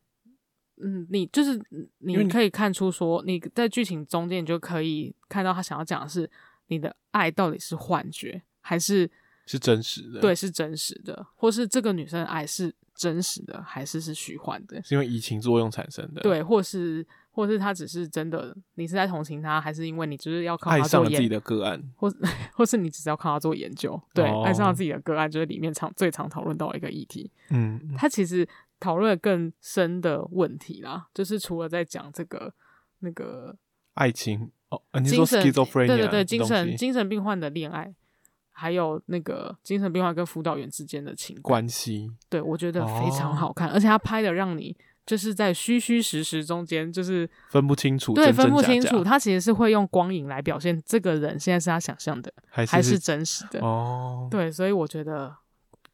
S2: 嗯，你就是你可以看出說、嗯、你在劇情中間，你就可以看到他想要講的是你的愛到底是幻覺還是是
S1: 真實的？對，是
S2: 真實的，或是這個女生的愛是。真實的還是是虛幻
S1: 的？是因為移情作用產生的？對，
S2: 或是或是他只是真的？你是在同情他，還是因為你就是要靠愛上了自己的個案？或或是你只是要靠他做研究？對、哦，愛上了自己的個案，就是裡面常最常討論到一個議題。嗯，他其實討論的更深的問題啦，就是除了在講這個那個
S1: 愛情哦，你說 schizophrenia，精神對對對，精神精
S2: 神病患的戀愛。還有那個精神病患跟輔導員之間的情感關係，對我覺得非常好看，哦，而且他拍的讓你就是在虛虛實實中間就是
S1: 分不清楚真真假假，對，分不清楚。他
S2: 其實是會用光影來表現這個人現在是他想象的還是，是還是真實的哦，對，所以我覺得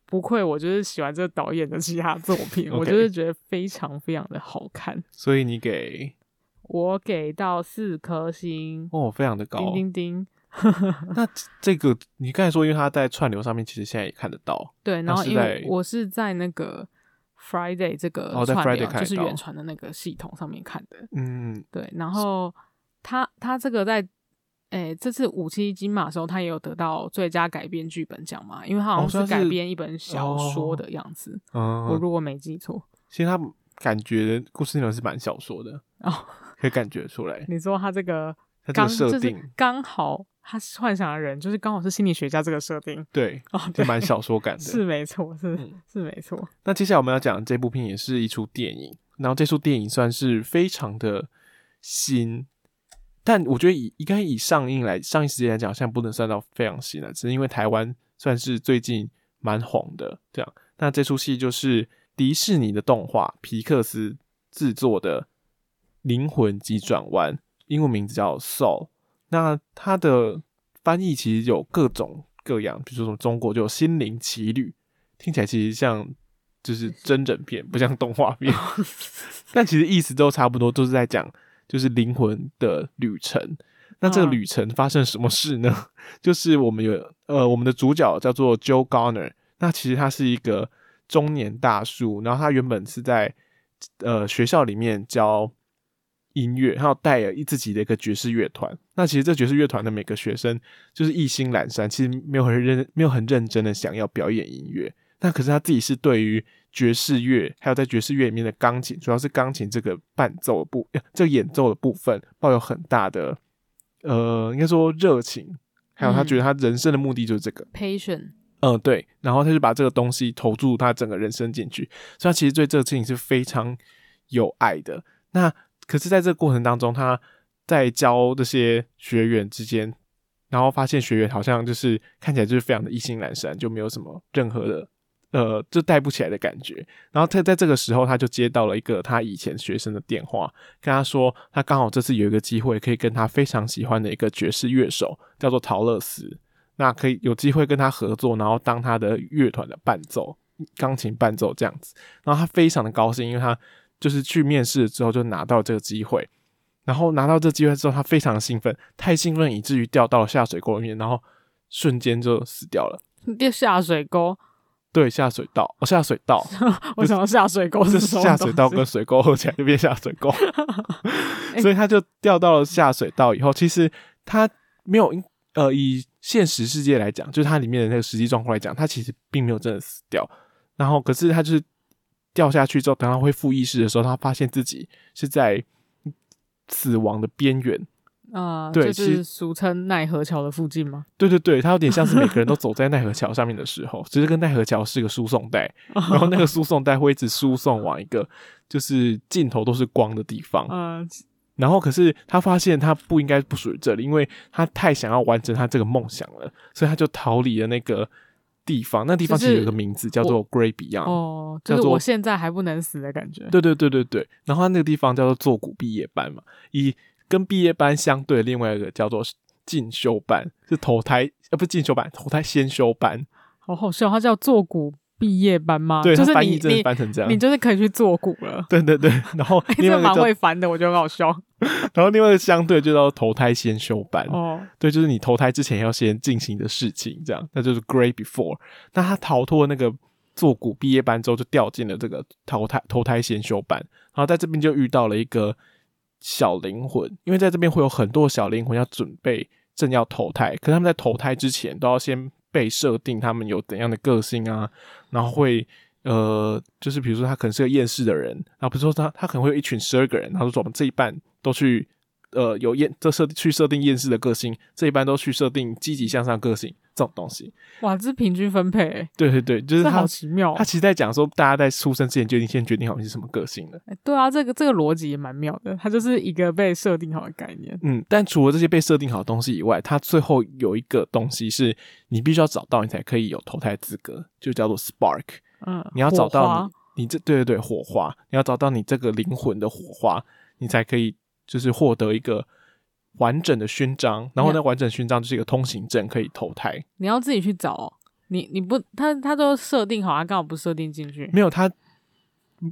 S2: 不愧我就是喜歡這個導演的其他作品， <laughs> 我就是覺得非常非常的好看。
S1: 所以你給
S2: 我給到四顆星
S1: 哦，非常的高啊，叮叮叮。 <laughs> 那這個，你剛才說，因為他在串流上面，其實現在也看得到。對，然後因為我
S2: 是在那個 Friday 這個串流，哦，在 Friday 看的，哦、就是遠傳的那個系統上面看的。嗯，對。然後他他這個在，哎、欸，這次五七金馬的時候，他也有得到最佳改編劇本獎嘛？因為他好像是改編一本小說的樣子，哦哦嗯、我如果沒記錯。
S1: 其實他感覺故事內容是蠻小說的、哦，可以感覺出來。 <laughs> 你說他這個？他這個設定
S2: 剛好，他是幻想的人，就是剛好是心理學家這個設定，對，哦、oh,，就蠻小說感的，是沒錯，是、嗯、是沒錯。
S1: 那接下來我們要講的這部片也是一出電影，然後這出電影算是非常的新，但我覺得以應該以上映來上映時間來講，現在不能算到非常新了，只是因為台灣算是最近蠻紅的這樣、啊。那這出戲就是迪士尼的動畫皮克斯制作的《靈魂急轉彎》。嗯英文名字叫 Soul，那它的翻譯其實有各種各樣，比如說什麼中國就“心靈奇旅”，聽起來其實像就是真人片，不像動畫片。 <laughs> <laughs> 但其實意思都差不多，都、就是在講就是靈魂的旅程。那這個旅程發生什麼事呢？啊、就是我們有呃，我們的主角叫做 Joe Garner，那其實他是一個中年大叔，然後他原本是在呃學校裡面教。音樂，還有帶了自己的一個爵士樂團。那其實這爵士樂團的每個學生，就是意興闌珊，其實沒有很認，沒有很認真的想要表演音樂。那可是他自己是對於爵士樂，還有在爵士樂裡面的鋼琴，主要是鋼琴這個伴奏部、呃，這個演奏的部分抱有很大的，呃，應該說熱情。
S2: 還有他覺得他
S1: 人生的目的就是這個。
S2: patient
S1: 嗯、呃，對。然後他就把這個東西投注他整個人生進去，所以他其實對這個事情是非常有愛的。那。可是，在這個過程當中，他在教這些學員之間，然後發現學員好像就是看起來就是非常的意興闌珊，就沒有什麼任何的，呃，就帶不起來的感覺。然後他在這個時候，他就接到了一個他以前學生的電話，跟他說，他剛好這次有一個機會可以跟他非常喜歡的一個爵士樂手，叫做桃樂絲，那可以有機會跟他合作，然後當他的樂團的伴奏，鋼琴伴奏這樣子。然後他非常的高興，因為他。就是去面試之後就拿到這個機會，然後拿到這機會之後，他非常興奮，太興奮以至於掉到了下水溝裡面，然後瞬間就死掉了。掉下水溝？對，下水道哦，下水道。
S2: <laughs> 我想到下水溝是什麼？就是、下水道
S1: 跟水溝合起來就變下水溝， <laughs> <laughs> 所以他就掉到了下水道以後，其實他沒有呃，以現實世界來講，就是他裡面的那個實際狀況來講，他其實並沒有真的死掉。然後，可是他就是。掉下去之後，等他恢復意識的時候，他發現自己是在死亡的邊緣
S2: 啊！對，就是俗稱奈何橋的附近嗎？
S1: 對對對，他有點像是每個人都走在奈何橋上面的時候， <laughs> 其實跟奈何橋是個輸送帶，然後那個輸送帶會一直輸送往一個就是盡頭都是光的地方啊、呃。然後可是他發現他不應該不屬於這裡，因為他太想要完成他這個夢想了，所以他就逃離了那個。地方那地方其實有個名字叫做 “Great Beyond 哦，就是我現
S2: 在還不能死的感覺。對
S1: 對對對對，然後他那個地方叫做做古畢業班嘛，以跟畢業班相對，另外一個叫做進修班，是投胎、啊、不是進修班，投胎先修班。
S2: 好好笑，他叫做古畢業班嗎？對，就是你翻譯真的翻成這樣你，你就是可以去做古了。
S1: 對對對，然後因為蠻會
S2: 翻的，我覺得很好笑。
S1: <laughs> 然後另外相對就叫投胎先修班哦，對，就是你投胎之前要先進行的事情，這樣，那就是 Great Before。那他逃脫那個做骨畢業班之後，就掉進了這個投胎投胎先修班，然後在這邊就遇到了一個小靈魂，因為在這邊會有很多小靈魂要準備正要投胎，可是他們在投胎之前都要先被設定他們有怎樣的個性啊，然後會。呃，就是比如說他可能是個厭世的人，然後啊，比如說他他可能會有一群十二個人，他說我們這一半都去，呃，有厭這設定去設定厭世的個性，這一半都去設定積極向上個性這種東西，
S2: 哇，這是平均分配。
S1: 對對對，就是他好奇妙。他其實在講說，大家在出生之前就已經先決定好你是什麼個性的。欸、
S2: 對啊，這個這個邏輯也蠻妙的，它就是一個被設定好的概念。
S1: 嗯，但除了這些被設定好的東西以外，它最後有一個東西是你必須要找到你才可以有投胎資格，就叫做 Spark。嗯，你要找到你，你這對對對火花，你要找到你這個靈魂的火花，你才可以就是獲得一個完整的勳章，然後那個完整勳章就是一個通行證，可以投胎。
S2: 你要自己去找，你你不他他都設定好，他剛好不設定進去，沒
S1: 有他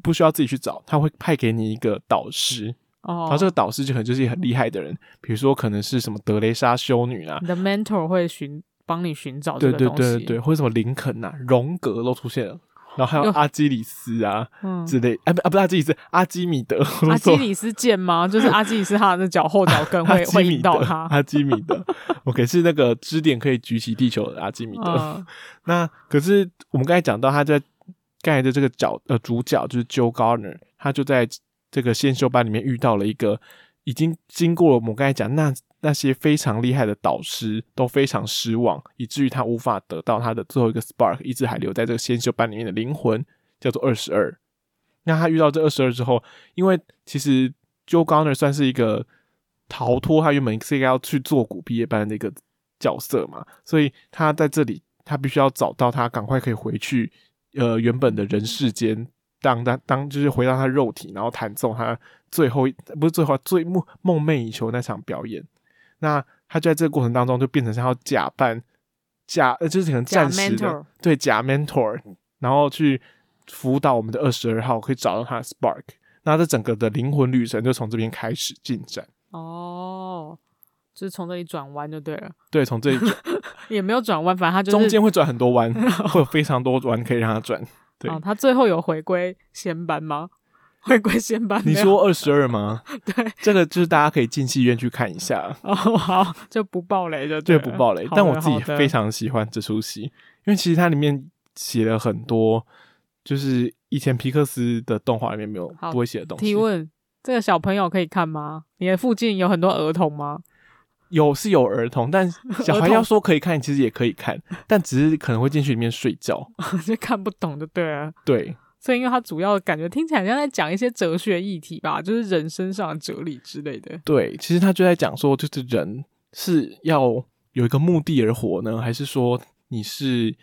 S1: 不需要自己去找，他會派給你一個導師哦，oh. 然後這個導師就很就是一個很厲害的人，比如說可能是什麼德雷莎修女啊，你
S2: 的 mentor 會尋幫你尋找這個東西，對對對對對，或
S1: 者什麼林肯啊、榮格都出現了。然後還有阿基里斯啊之類、嗯，啊，不啊不是阿基里斯阿基米德。阿基里
S2: 斯腱嗎？ <laughs> 就是阿基里斯他的腳後腳跟會會引到他
S1: 阿基米德，OK <laughs> 是那個支點可以舉起地球的阿基米德。嗯、 <laughs> 那可是我們剛才講到他在剛才的這個角呃主角就是 Joe Garner，他就在這個先修班裡面遇到了一個已經經過了我們剛才講那。那些非常厲害的導師都非常失望，以至於他無法得到他的最後一個 Spark，一直還留在這個先修班裡面的靈魂，叫做二十二。那他遇到這二十二之後，因為其實 Joe Gardner 算是一個逃脫，他原本是應該要去做古畢業班的一個角色嘛，所以他在這裡他必須要找到他，趕快可以回去，呃，原本的人世間，當他當就是回到他肉體，然後彈奏他最後，不是最後，最夢夢寐以求那場表演。那他就在這個過程當中，就變成像要假扮，假呃，就是可能暫時的假，對，假 mentor，然後去輔導我們的二十二號，可以找到他的 spark。那這整個的靈魂旅程就從這邊開始進展。
S2: 哦，就是從這裡轉彎就對了。對，從這裡轉 <laughs> 也沒有轉彎，反正他就是、中間會轉很多彎， <laughs>
S1: 會有非常多彎可以讓他轉。哦，
S2: 他最後有回歸仙班嗎？會歸線吧。你說
S1: 二十二嗎？ <laughs> 對，這個就是大家可以進戲院去看一下。哦、 <laughs> oh，
S2: 好，就不爆雷
S1: 的，對，不爆雷的。但我自己非常喜歡這齣戲，因為其實它裡面寫了很多，就是以前皮克斯的動畫裡面沒有不會寫的東西。提
S2: 問：這個小朋友可以看嗎？你的附近有很多兒童嗎？
S1: 有是有兒童，但小孩要說可以看，其實也可以看，但只是可能會進去裡面睡覺，
S2: <laughs> 就看不懂就對了、啊。對。所以，因為他主要感覺聽起來好像在講一些哲學議題吧，就是人生上的哲理之類的。
S1: 對，其實他就在講說，就是人是要有一個目的而活呢，還是說你是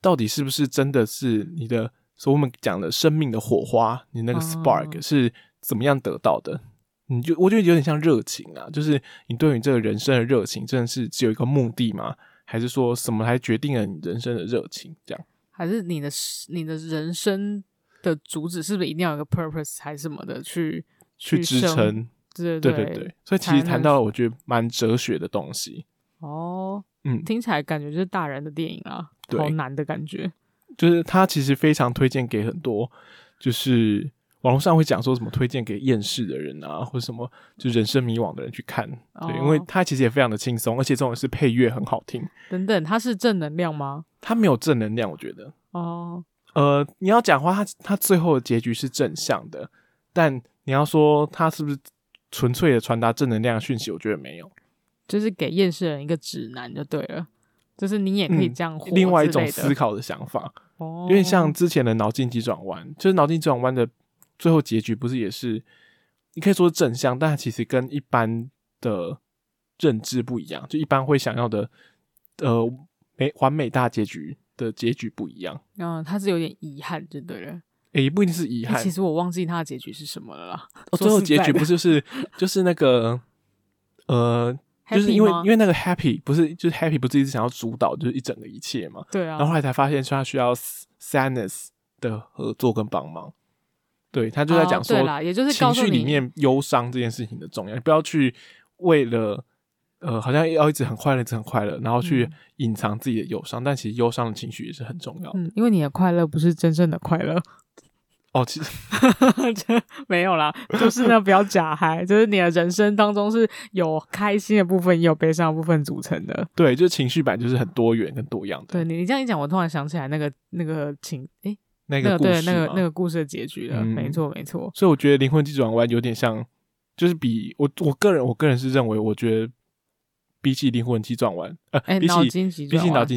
S1: 到底是不是真的是你的？所以我們講的生命的火花，你那個 spark 是怎麼樣得到的？啊、你就我覺得有點像熱情啊，就是你對於這個人生的熱情，真的是只有一個目的嗎？還是說什麼來決定了你人生的熱情？這樣？
S2: 還是你的你的人生的主旨是不是一定要有個 purpose 還是什麼的去去支撐？對對對。所以其實談到
S1: 了我覺得蠻哲學的東西。
S2: 哦，嗯，聽起來感覺就是大人的電影啊，好難的感覺。
S1: 就是他其實非常推薦給很多，就是。網絡上會講說什麼推薦給厭世的人啊，或者什麼就人生迷惘的人去看，oh. 對，因為它其實也非常的輕鬆，而且這種是配樂很好聽
S2: 等等。它是正能量嗎？
S1: 它沒有正能量，我覺得。哦、oh.。呃，你要講的話，它它最後的結局是正向的，但你要說它是不是純粹的傳達正能量訊息，我覺得沒有。
S2: 就是給厭世人一個指南就對了，就是你也可以這樣、嗯。另外一種思考的想法，oh.
S1: 因為像之前的腦筋急轉彎，就是腦筋急轉彎的。最後結局不是也是，你可以說是正向，但其實跟一般的認知不一樣，就一般會想要的，呃，美完美大結局的結局不一樣。
S2: 嗯，它是有點遺憾，對對了，
S1: 哎、欸，不一定是遺憾。其實
S2: 我忘記它的結
S1: 局是什麼了啦。哦、喔，最後結局不是就是就是那個，呃， <laughs> 就是因為因為那個 Happy 不是就是 Happy 不是一直想要主導就是一整個一切嘛？對啊。然後後來才發現說他需要 Sadness 的合作跟幫忙。對他就在講說，也就是情緒裡面憂傷這件事情的重要，你不要去為了呃，好像要一直很快樂，一直很快樂，然後去隱藏自己的憂傷，但其實憂傷的情緒也是很重要。嗯，
S2: 因為你的快樂不是真正的快樂哦，其實 <laughs> 沒有啦，就是呢，不要假嗨，就是你的人生當中是有開心的部分，也有悲傷的部分組成的。
S1: 對，就是情緒版就是很多元跟多樣的。
S2: 對，你你這樣一講，我突然想起來那個那個情誒、欸那個故事那對，那個那個故事的結局了，沒錯、嗯、沒錯。
S1: 所以我覺得《靈魂急轉彎》有點像，就是比我我個人我個人是認為，我覺得比起《靈魂急轉彎》欸，比起比起《腦筋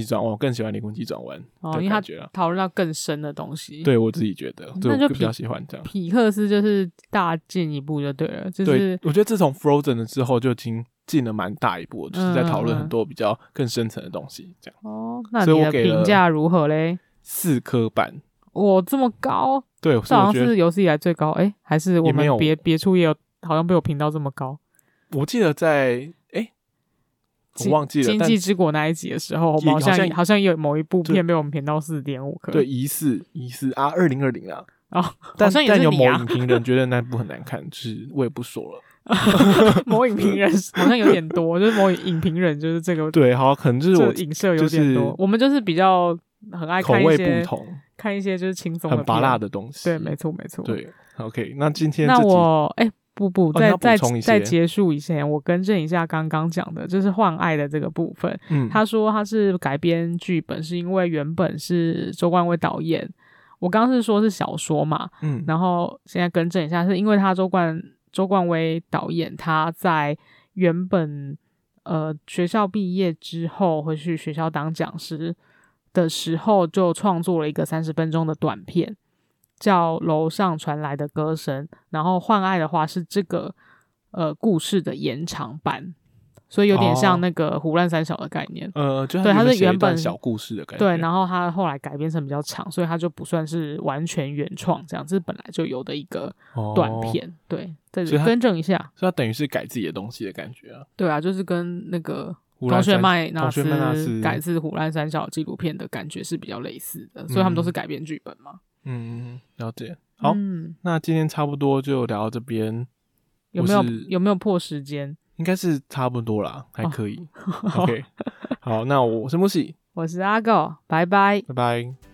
S1: 急轉彎》，我更喜歡《靈魂急轉彎》，
S2: 哦、這個，因為他覺得討論到更深的東西。對我自己覺得，那就比較喜歡這樣。皮克斯就是大進一步就對了，就是我覺得自
S1: 從《Frozen》了之後，就已經進了蠻大一步，就是在討論很多比較更深層的東西，這樣。哦，那你的評價如何嘞？四顆半。
S2: 我這麼高？對，我這好像是有史以來最高。哎、欸，還是我們別別處也有，好像被我評到這麼高。
S1: 我記得在哎、欸，我忘記了經濟之國那一集的時候，也好像好像有某一部片被
S2: 我們評到四點五顆。對，疑
S1: 似疑似啊，二零二零啊。哦、啊啊，但但有某影評人覺得那部很難看， <laughs> 就是我也不說了。 <laughs> 某影評人好像有點
S2: 多， <laughs> 就是某影評人就是這個對，好，可能就是我、這個、影射有點多、就是。我們就是比較很愛看一些口味不同。看一些就是輕鬆、的，很拔辣的東西。對，沒錯，沒錯。對
S1: ，OK。那今天，那我哎、欸，不不，喔、再再再結
S2: 束以前，我更正一下剛剛講的，就是幻愛的這個部分。嗯，他說他是改編劇本，是因為原本是周冠威導演。我剛剛是說是小說嘛，嗯，然後現在更正一下，是因為他周冠周冠威導演，他在原本呃學校畢業之後，會去學校當講師的時候就創作了一個三十分鐘的短片，叫《樓上傳來的歌聲》，然後《幻愛》的話是這個呃故事的延長版，所以有點像那個《胡亂三小》的概念。哦、呃就原本，對，它是原本小故事的感，對，然後它後來改編成比較長，所以它就不算是完全原創，這樣，這是本來就有的一個短片，對，再、哦、更正一下，所以
S1: 它，所以它等於是改自己的東西的感覺啊。對啊，就是跟那個。同學麥娜絲，斯，斯改自
S2: 《唬爛三小》紀錄片的感覺是比較類似的，嗯、所以他們都是改編劇本嘛。
S1: 嗯，了解。好、嗯，那今天差不多就聊到這邊，有沒有有沒有破時間？應該是差不多啦，還可以。哦、OK， <laughs> 好，那我是木喜，
S2: 我是阿狗，拜拜，拜拜。